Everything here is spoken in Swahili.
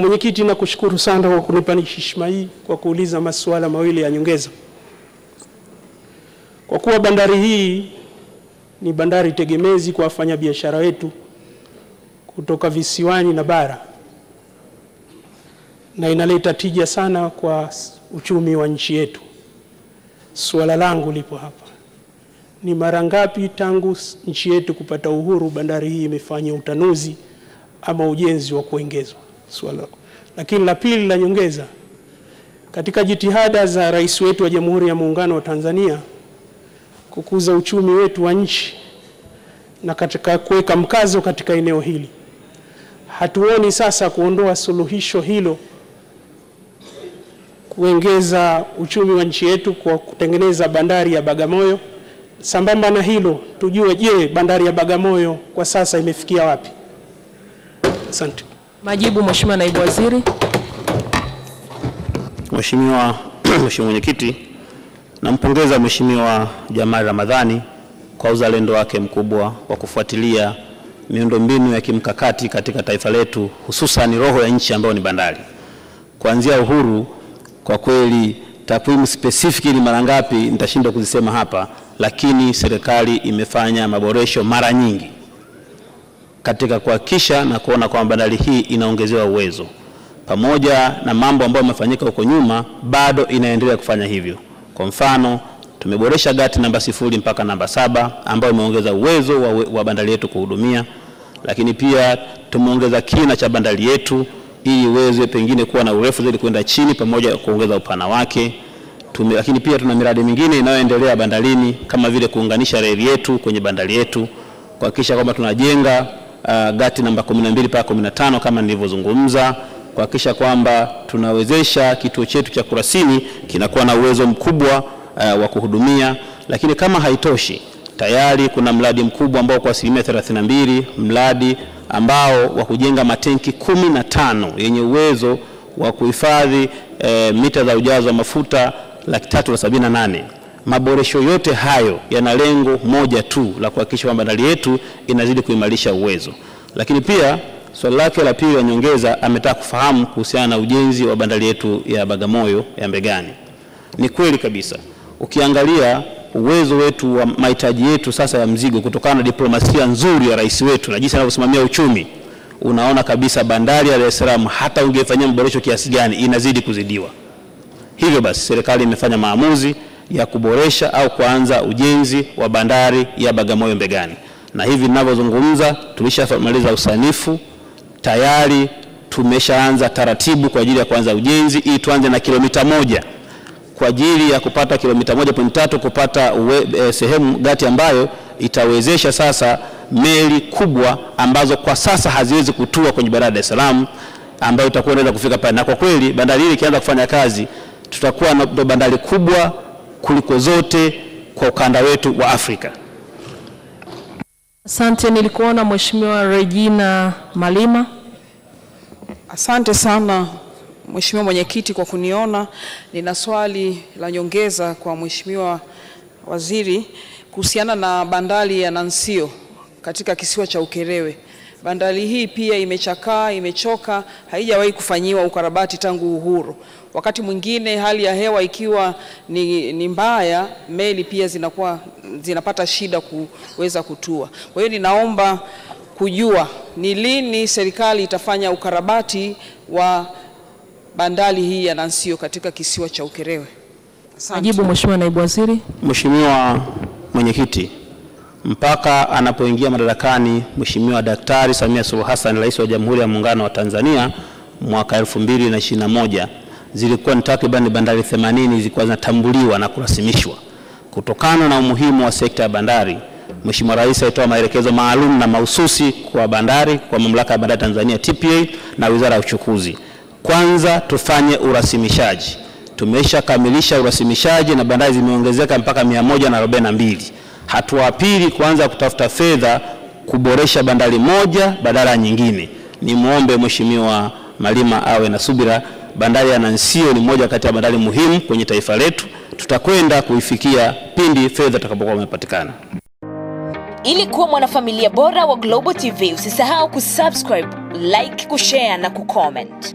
Mwenyekiti, nakushukuru sana kwa kunipa heshima hii kwa kuuliza masuala mawili ya nyongeza. Kwa kuwa bandari hii ni bandari tegemezi kwa wafanyabiashara wetu kutoka visiwani na bara, na inaleta tija sana kwa uchumi wa nchi yetu. Suala langu lipo hapa, ni mara ngapi tangu nchi yetu kupata uhuru bandari hii imefanya utanuzi ama ujenzi wa kuongezwa? swala. Lakini la pili la nyongeza, katika jitihada za rais wetu wa Jamhuri ya Muungano wa Tanzania kukuza uchumi wetu wa nchi na katika kuweka mkazo katika eneo hili, hatuoni sasa kuondoa suluhisho hilo, kuongeza uchumi wa nchi yetu kwa kutengeneza bandari ya Bagamoyo. Sambamba na hilo, tujue je, bandari ya Bagamoyo kwa sasa imefikia wapi? Asante. Majibu, Mheshimiwa Naibu Waziri. Mheshimiwa Mheshimiwa Mwenyekiti, nampongeza Mheshimiwa Jamal Ramadhani kwa uzalendo wake mkubwa wa kufuatilia miundombinu ya kimkakati katika taifa letu, hususan roho ya nchi ambayo ni bandari. Kuanzia uhuru, kwa kweli takwimu specific ni mara ngapi nitashindwa kuzisema hapa, lakini serikali imefanya maboresho mara nyingi katika kuhakikisha na kuona kwamba bandari hii inaongezewa uwezo. Pamoja na mambo ambayo yamefanyika huko nyuma, bado inaendelea kufanya hivyo. Kwa mfano, tumeboresha gati namba sifuri mpaka namba saba ambayo imeongeza uwezo wa, wa bandari yetu kuhudumia, lakini pia tumeongeza kina cha bandari yetu ili iweze pengine kuwa na urefu zaidi kwenda chini, pamoja na kuongeza upana wake tume, lakini pia tuna miradi mingine inayoendelea bandarini kama vile kuunganisha reli yetu kwenye bandari yetu, kuhakikisha kwamba tunajenga uh, gati namba 12 mpaka 15 kama nilivyozungumza, kuhakikisha kwamba tunawezesha kituo chetu cha Kurasini kinakuwa na uwezo mkubwa uh, wa kuhudumia. Lakini kama haitoshi, tayari kuna mradi mkubwa ambao kwa asilimia 32 mradi ambao wa kujenga matenki kumi na tano yenye uwezo wa kuhifadhi eh, mita za ujazo wa mafuta laki tatu na sabini na nane. Maboresho yote hayo yana lengo moja tu la kuhakikisha kwamba bandari yetu inazidi kuimarisha uwezo. Lakini pia swali lake la pili la nyongeza, ametaka kufahamu kuhusiana na ujenzi wa bandari yetu ya Bagamoyo ya Mbegani. Ni kweli kabisa, ukiangalia uwezo wetu wa mahitaji yetu sasa ya mzigo, kutokana na diplomasia nzuri ya rais wetu na jinsi anavyosimamia uchumi, unaona kabisa bandari ya Dar es Salaam hata ungefanyia maboresho kiasi gani, inazidi kuzidiwa. Hivyo basi serikali imefanya maamuzi ya kuboresha au kuanza ujenzi wa bandari ya Bagamoyo Mbegani, na hivi ninavyozungumza tulishamaliza usanifu tayari, tumeshaanza taratibu kwa ajili ya kuanza ujenzi ili tuanze na kilomita moja kwa ajili ya kupata kilomita moja pointi tatu kupata uwe, e, sehemu gati ambayo itawezesha sasa meli kubwa ambazo kwa sasa haziwezi kutua kwenye bandari ya Dar es Salaam ambayo itakuwa inaweza kufika pale, na kwa kweli bandari hii ikianza kufanya kazi tutakuwa na bandari kubwa kuliko zote kwa ukanda wetu wa Afrika. Asante, nilikuona Mheshimiwa Regina Malima. Asante sana Mheshimiwa Mwenyekiti kwa kuniona. Nina swali la nyongeza kwa Mheshimiwa Waziri kuhusiana na bandari ya Nansio katika kisiwa cha Ukerewe. Bandari hii pia imechakaa, imechoka, haijawahi kufanyiwa ukarabati tangu uhuru. Wakati mwingine hali ya hewa ikiwa ni, ni mbaya, meli pia zinakuwa zinapata shida kuweza kutua. Kwa hiyo ninaomba kujua ni lini serikali itafanya ukarabati wa bandari hii ya Nansio katika kisiwa cha Ukerewe. Asante. Majibu Mheshimiwa Naibu Waziri. Mheshimiwa Mwenyekiti mpaka anapoingia madarakani Mheshimiwa Daktari Samia Suluhu Hassan, Rais wa Jamhuri ya Muungano wa Tanzania mwaka 2021 zilikuwa ni takriban bandari 80 zilikuwa zinatambuliwa na kurasimishwa. Kutokana na umuhimu wa sekta ya bandari, Mheshimiwa Rais alitoa maelekezo maalum na mahususi kwa bandari, kwa Mamlaka ya Bandari Tanzania TPA na Wizara ya Uchukuzi, kwanza tufanye urasimishaji. Tumeshakamilisha urasimishaji na bandari zimeongezeka mpaka 142. Hatua pili kuanza kutafuta fedha kuboresha bandari moja badala nyingine. ni muombe Mheshimiwa Malima awe na subira. Bandari ya Nansio ni moja kati ya bandari muhimu kwenye taifa letu, tutakwenda kuifikia pindi fedha itakapokuwa imepatikana. Ili kuwa mwanafamilia bora wa Global TV, usisahau kusubscribe, like, kushare na kucomment.